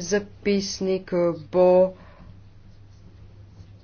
zapisnik bo